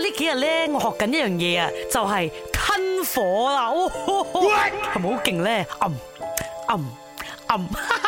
呢幾日咧，我學緊一樣嘢啊，就係、是、吞火啦，係咪好勁咧？暗暗暗。嗯